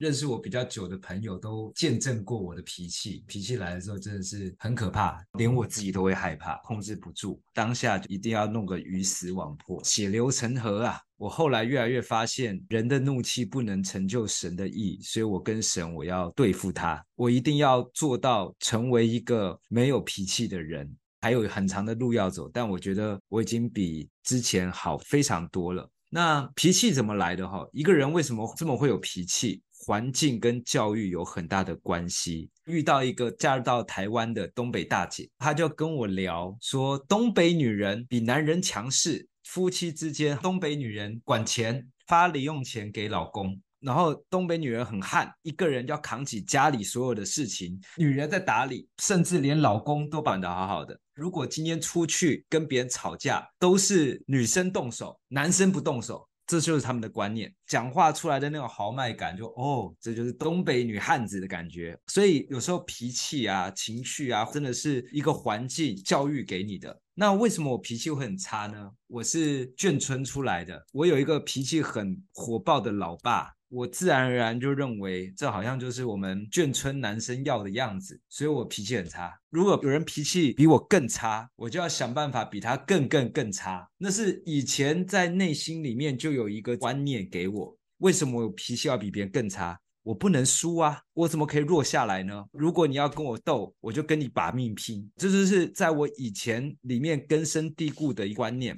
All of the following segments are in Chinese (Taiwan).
認識我比較久的朋友都見證過我的脾氣，脾氣來的時候真的是很可怕，連我自己都會害怕，控制不住。當下就一定要弄個魚死網破，血流成河啊！我後來越來越發現，人的怒氣不能成就神的義，所以我跟神，我要對付他，我一定要做到成為一個沒有脾氣的人。還有很長的路要走，但我覺得我已經比之前好非常多了。那脾氣怎麼來的哈？一個人為什麼這麼會有脾氣？環境跟教育有很大的關係。遇到一個嫁到台灣的東北大姐，她就跟我聊說，東北女人比男人強勢，夫妻之間，東北女人管錢，發零用錢給老公，然後東北女人很悍，一個人要扛起家裡所有的事情，女人在打理，甚至連老公都管得好好的。如果今天出去跟別人吵架，都是女生動手，男生不動手。這就是他們的觀念，講話出來的那種豪邁感，就哦，這就是東北女漢子的感覺。所以有時候脾氣啊、情緒啊，真的是一個環境教育給你的。那為什麼我脾氣會很差呢？我是眷村出來的，我有一個脾氣很火爆的老爸。我自然而然就認為，這好像就是我們眷村男生要的樣子，所以我脾氣很差。如果有人脾氣比我更差，我就要想辦法比他更更更差。那是以前在內心裡面就有一個觀念給我：為什麼我脾氣要比別人更差？我不能輸啊！我怎麼可以弱下來呢？如果你要跟我鬥，我就跟你把命拼。這就是在我以前裡面根深蒂固的一觀念。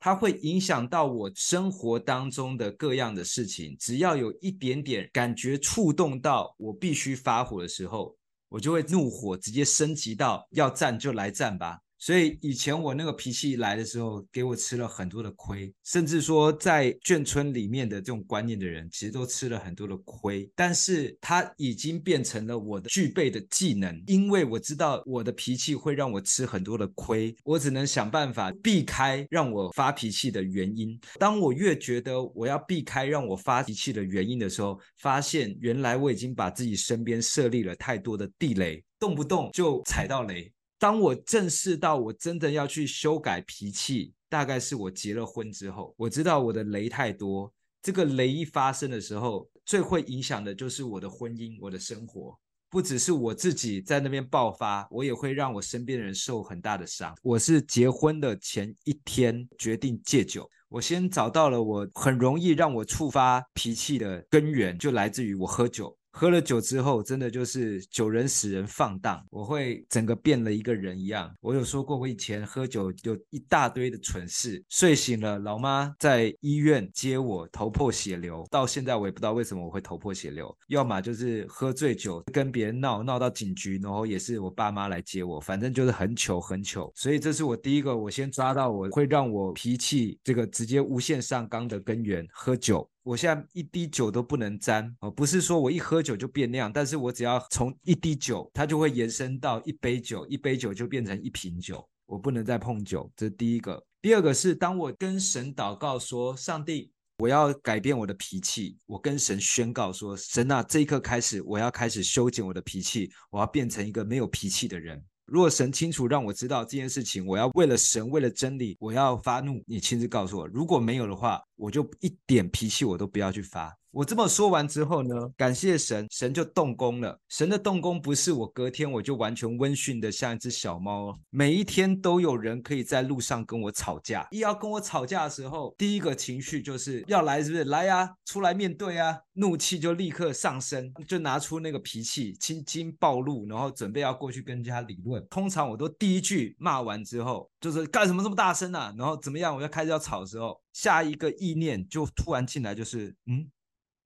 它會影響到我生活當中的各樣的事情，只要有一點點感覺觸動到我，必須發火的時候，我就會怒火直接升級到要戰就來戰吧。所以以前我那個脾氣來的時候，給我吃了很多的虧，甚至說在眷村裡面的這種觀念的人，其實都吃了很多的虧。但是它已經變成了我的具備的技能，因為我知道我的脾氣會讓我吃很多的虧，我只能想辦法避開讓我發脾氣的原因。當我越覺得我要避開讓我發脾氣的原因的時候，發現原來我已經把自己身邊設立了太多的地雷，動不動就踩到雷。當我正視到我真的要去修改脾氣，大概是我結了婚之後，我知道我的雷太多。這個雷一發生的時候，最會影響的就是我的婚姻、我的生活，不只是我自己在那邊爆發，我也會讓我身邊的人受很大的傷。我是結婚的前一天決定戒酒，我先找到了我很容易讓我觸發脾氣的根源，就來自於我喝酒。喝了酒之後，真的就是酒能使人放蕩，我會整個變了一個人一樣。我有說過，我以前喝酒有一大堆的蠢事，睡醒了，老媽在醫院接我，頭破血流，到現在我也不知道為什麼我會頭破血流，要麼就是喝醉酒跟別人鬧，鬧到警局，然後也是我爸媽來接我，反正就是很糗很糗。所以這是我第一個，我先抓到我會讓我脾氣這個直接無限上綱的根源，喝酒。我現在一滴酒都不能沾，哦，不是說我一喝酒就變亮，但是我只要從一滴酒，它就會延伸到一杯酒，一杯酒就變成一瓶酒，我不能再碰酒，這是第一個。第二個是，當我跟神禱告說，上帝，我要改變我的脾氣，我跟神宣告說，神啊，這一刻開始，我要開始修剪我的脾氣，我要變成一個沒有脾氣的人。如果神清楚讓我知道這件事情，我要為了神，為了真理，我要發怒，你親自告訴我。如果沒有的話，我就一點脾氣我都不要去發。我這麼說完之後呢，感謝神，神就動工了。神的動工不是我隔天我就完全溫馴的像一隻小貓哦。每一天都有人可以在路上跟我吵架，一要跟我吵架的時候，第一個情緒就是要來，是不是？來呀，出來面對啊，怒氣就立刻上升，就拿出那個脾氣，輕輕暴露，然後準備要過去跟人家理論。通常我都第一句罵完之後，就是幹什麼這麼大聲啊，然後怎麼樣？我要開始要吵的時候。下一個意念，就突然進來，就是嗯，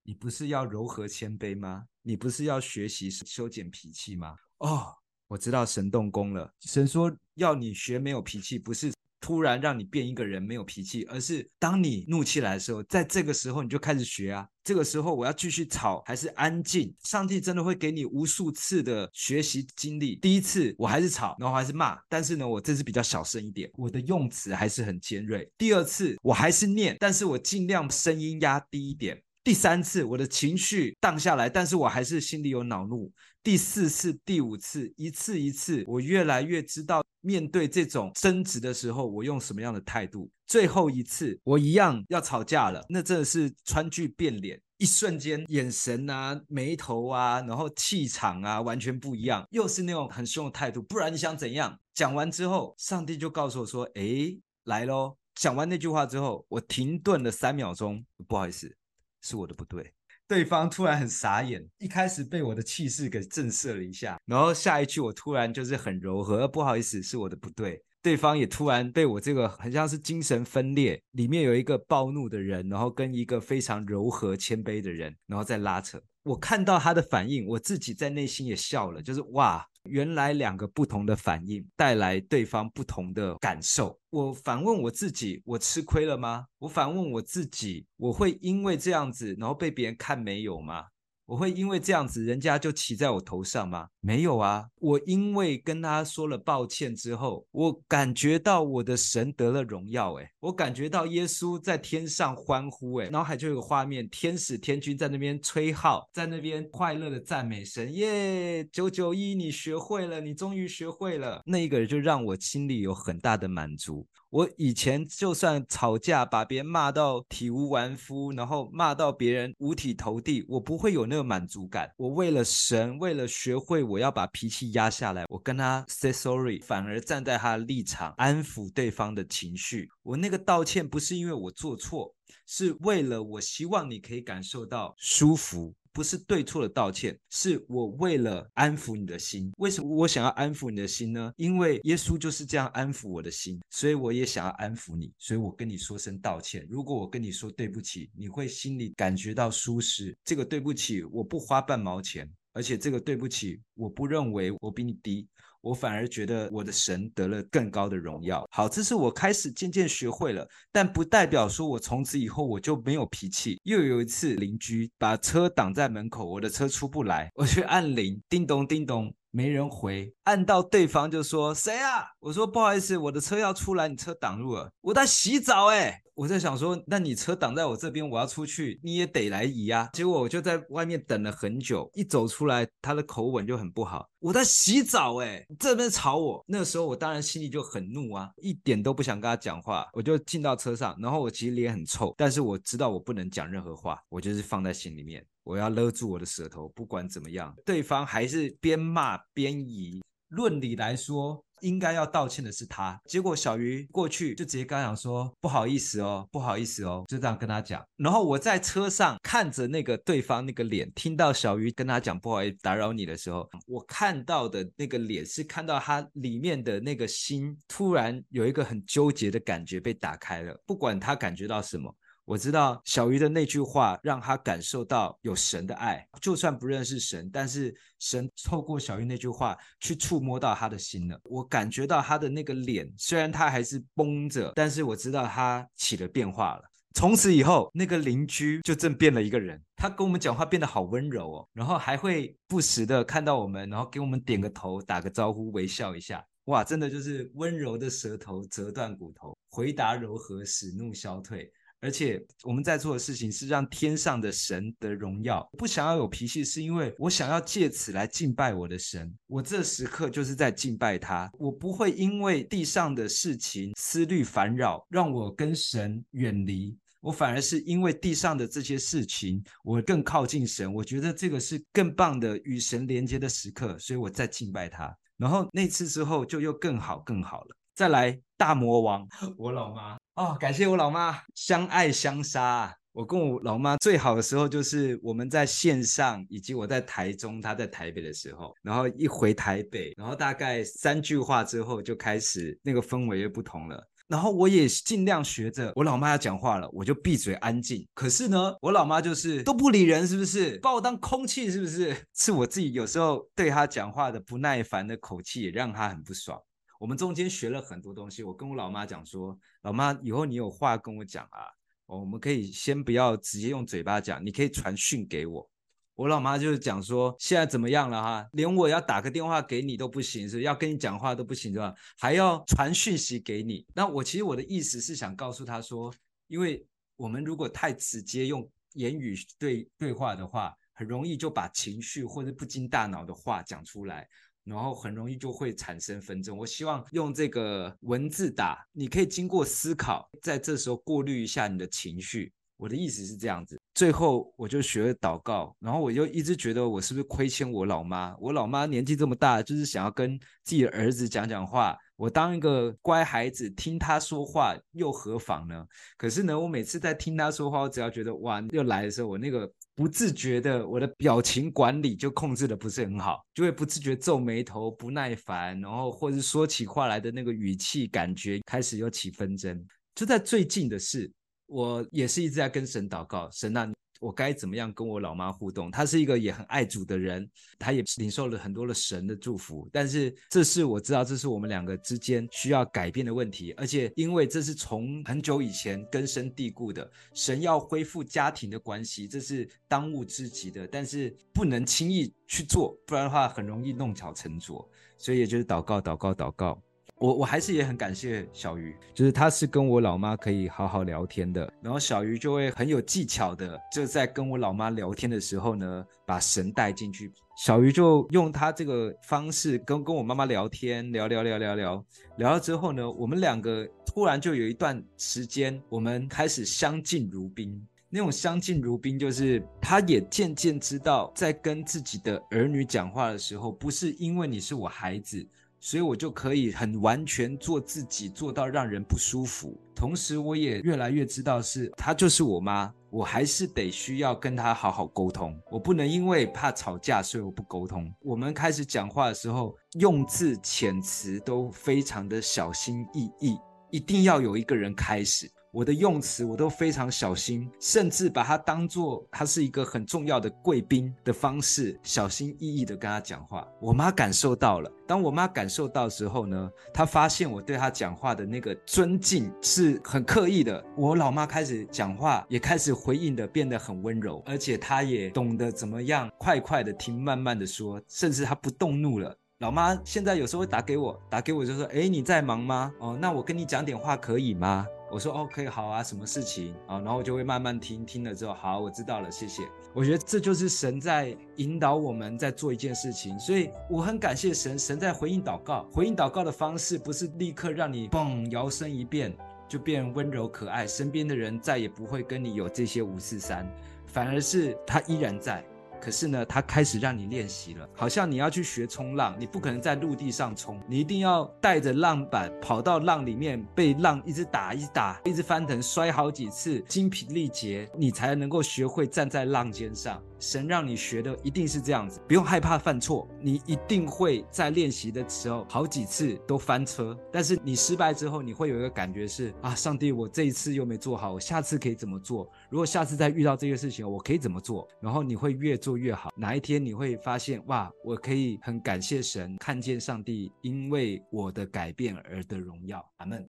你不是要柔和謙卑嗎？你不是要學習修剪脾氣嗎？哦，我知道神動工了。神說要你學沒有脾氣，不是。突然讓你變一個人沒有脾氣，而是當你怒氣來的時候，在這個時候你就開始學啊。這個時候我要繼續吵還是安靜？上帝真的會給你無數次的學習經歷。第一次我還是吵，然後還是罵，但是呢，我這次比較小聲一點，我的用詞還是很尖銳。第二次我還是念，但是我儘量聲音壓低一點。第三次我的情緒盪下來，但是我還是心裡有惱怒。第四次、第五次，一次一次，我越來越知道。面對這種爭執的時候，我用什麼樣的態度？最後一次，我一樣要吵架了，那真的是川劇變臉，一瞬間，眼神啊，眉頭啊，然後氣場啊，完全不一樣，又是那種很凶的態度。不然你想怎樣？講完之後，上帝就告訴我說：“誒，來咯。”講完那句話之後，我停頓了三秒鐘，不好意思，是我的不對。對方突然很傻眼，一開始被我的氣勢給震懾了一下，然後下一句我突然就是很柔和，不好意思，是我的不對。對方也突然被我這個很像是精神分裂，裡面有一個暴怒的人，然後跟一個非常柔和謙卑的人，然後再拉扯。我看到他的反應，我自己在內心也笑了，就是哇。原來兩個不同的反應帶來對方不同的感受。我反問我自己：我吃虧了嗎？我反問我自己：我會因為這樣子然後被別人看沒有嗎？我會因為這樣子，人家就騎在我頭上嗎？沒有啊，我因為跟他說了抱歉之後，我感覺到我的神得了榮耀，哎，我感覺到耶穌在天上歡呼，哎，腦海就有個畫面，天使天軍在那邊吹號，在那邊快樂的讚美神，耶，九九一你學會了，你終於學會了，那一個人就讓我心裡有很大的滿足。我以前就算吵架，把別人罵到體無完膚，然後罵到別人五體投地，我不會有那個滿足感。我為了神，為了學會，我要把脾氣壓下來，我跟他 say sorry，反而站在他的立場，安撫對方的情緒。我那個道歉不是因為我做錯，是為了我希望你可以感受到舒服。不是對錯的道歉，是我為了安撫你的心。為什麼我想要安撫你的心呢？因為耶穌就是這樣安撫我的心，所以我也想要安撫你。所以我跟你說聲道歉。如果我跟你說對不起，你會心裡感覺到舒適。這個對不起，我不花半毛錢，而且這個對不起，我不認為我比你低。我反而覺得我的神得了更高的榮耀。好，這是我開始漸漸學會了，但不代表說我從此以後我就沒有脾氣。又有一次，鄰居把車擋在門口，我的車出不來，我去按鈴，叮咚叮咚。沒人回，按到對方就說，誰啊？我說不好意思，我的車要出來，你車擋住了。我在洗澡哎。我在想說，那你車擋在我這邊，我要出去，你也得來移啊。結果我就在外面等了很久，一走出來，他的口吻就很不好。我在洗澡哎，你這邊吵我。那個時候我當然心裡就很怒啊，一點都不想跟他講話。我就進到車上，然後我其實臉很臭，但是我知道我不能講任何話，我就是放在心裡面。我要勒住我的舌頭，不管怎麼樣，對方還是邊罵邊贏。論理來說，應該要道歉的是他。結果小魚過去就直接跟他講說：“不好意思哦，不好意思哦。”就這樣跟他講。然後我在車上看着那個對方那個臉，聽到小魚跟他講“不好意思打擾你”的時候，我看到的那個臉是看到他裡面的那個心突然有一個很糾結的感覺被打開了。不管他感覺到什麼。我知道小魚的那句話讓他感受到有神的愛，就算不認識神，但是神透過小魚那句話去觸摸到他的心了。我感覺到他的那個臉，雖然他還是繃着，但是我知道他起了變化了。從此以後，那個鄰居就正變了一個人，他跟我們講話變得好溫柔哦，然後還會不時的看到我們，然後給我們點個頭、打個招呼、微笑一下。哇，真的就是溫柔的舌頭折斷骨頭，回答柔和，使怒消退。而且我們在做的事情是讓天上的神得榮耀。不想要有脾氣，是因為我想要借此來敬拜我的神。我這時刻就是在敬拜他，我不會因為地上的事情思慮煩擾，讓我跟神遠離。我反而是因為地上的這些事情，我更靠近神。我覺得這個是更棒的與神連接的時刻，所以我在敬拜他。然後那次之後就又更好、更好了。再來，大魔王，我老媽。哦，感謝我老媽，相愛相殺。我跟我老媽最好的時候就是我們在線上，以及我在台中，她在台北的時候。然後一回台北，然後大概三句話之後就開始那個氛圍又不同了。然後我也儘量學着我老媽要講話了，我就閉嘴安靜。可是呢，我老媽就是都不理人，是不是把我當空氣，是不是？是我自己有時候對她講話的不耐煩的口氣也讓她很不爽。我們中間學了很多東西。我跟我老媽講說，老媽，以後你有話跟我講啊，我們可以先不要直接用嘴巴講，你可以傳訊給我。我老媽就是講說，現在怎麼樣了哈？連我要打個電話給你都不行，是要跟你講話都不行，對吧？還要傳訊息給你。那我其實我的意思是想告訴她說，因為我們如果太直接用言語對對話的話，很容易就把情緒或者不經大腦的話講出來。然後很容易就會產生紛爭。我希望用這個文字打，你可以經過思考，在這時候過濾一下你的情緒。我的意思是這樣子。最後我就學了禱告，然後我就一直覺得我是不是虧欠我老媽？我老媽年紀這麼大，就是想要跟自己的兒子講講話。我當一個乖孩子聽她說話又何妨呢？可是呢，我每次在聽她說話，我只要覺得哇又來的時候，我那個。不自覺的，我的表情管理就控制的不是很好，就會不自覺皺眉頭、不耐煩，然後或者說起話來的那個語氣，感覺開始又起紛爭。就在最近的事，我也是一直在跟神禱告，神你、啊。我該怎麼樣跟我老媽互動？她是一個也很愛主的人，她也是領受了很多的神的祝福。但是這是我知道，這是我們兩個之間需要改變的問題。而且因為這是從很久以前根深蒂固的，神要恢復家庭的關係，這是當務之急的。但是不能輕易去做，不然的話很容易弄巧成拙。所以也就是禱告，禱告，禱告。我我還是也很感謝小魚，就是他是跟我老媽可以好好聊天的，然後小魚就會很有技巧的，就在跟我老媽聊天的時候呢，把神帶進去。小魚就用他這個方式跟跟我媽媽聊天，聊聊聊聊聊，聊了之後呢，我們兩個突然就有一段時間，我們開始相敬如賓。那種相敬如賓，就是他也漸漸知道，在跟自己的兒女講話的時候，不是因為你是我孩子。所以我就可以很完全做自己，做到讓人不舒服。同時，我也越來越知道是她就是我媽，我還是得需要跟她好好溝通。我不能因為怕吵架，所以我不溝通。我們開始講話的時候，用字遣詞都非常的小心翼翼，一定要有一個人開始。我的用詞我都非常小心，甚至把她當做她是一個很重要的貴賓的方式，小心翼翼的跟她講話。我媽感受到了，當我媽感受到的時候呢，她發現我對她講話的那個尊敬是很刻意的。我老媽開始講話，也開始回應的變得很溫柔，而且她也懂得怎麼樣快快的聽，慢慢的說，甚至她不動怒了。老媽現在有時候會打給我，打給我就說：“誒，你在忙嗎？哦，那我跟你講點話可以嗎？”我說 OK，好啊，什麼事情啊？然後我就會慢慢聽，聽了之後，好，我知道了，謝謝。我覺得這就是神在引導我們，在做一件事情，所以我很感謝神，神在回應禱告。回應禱告的方式不是立刻讓你嘣搖身一變就變溫柔可愛，身邊的人再也不會跟你有這些五四三，反而是他依然在。可是呢，他開始讓你練習了，好像你要去學衝浪，你不可能在陸地上衝，你一定要帶着浪板跑到浪裡面，被浪一直打，一直打，一直翻騰，摔好幾次，精疲力竭，你才能夠學會站在浪尖上。神讓你學的一定是這樣子，不用害怕犯錯，你一定會在練習的時候好幾次都翻車，但是你失敗之後，你會有一個感覺是啊，上帝，我這一次又沒做好，我下次可以怎麼做？如果下次再遇到這些事情，我可以怎麼做？然後你會越做越好，哪一天你會發現哇，我可以很感謝神，看見上帝因為我的改變而得榮耀。阿門。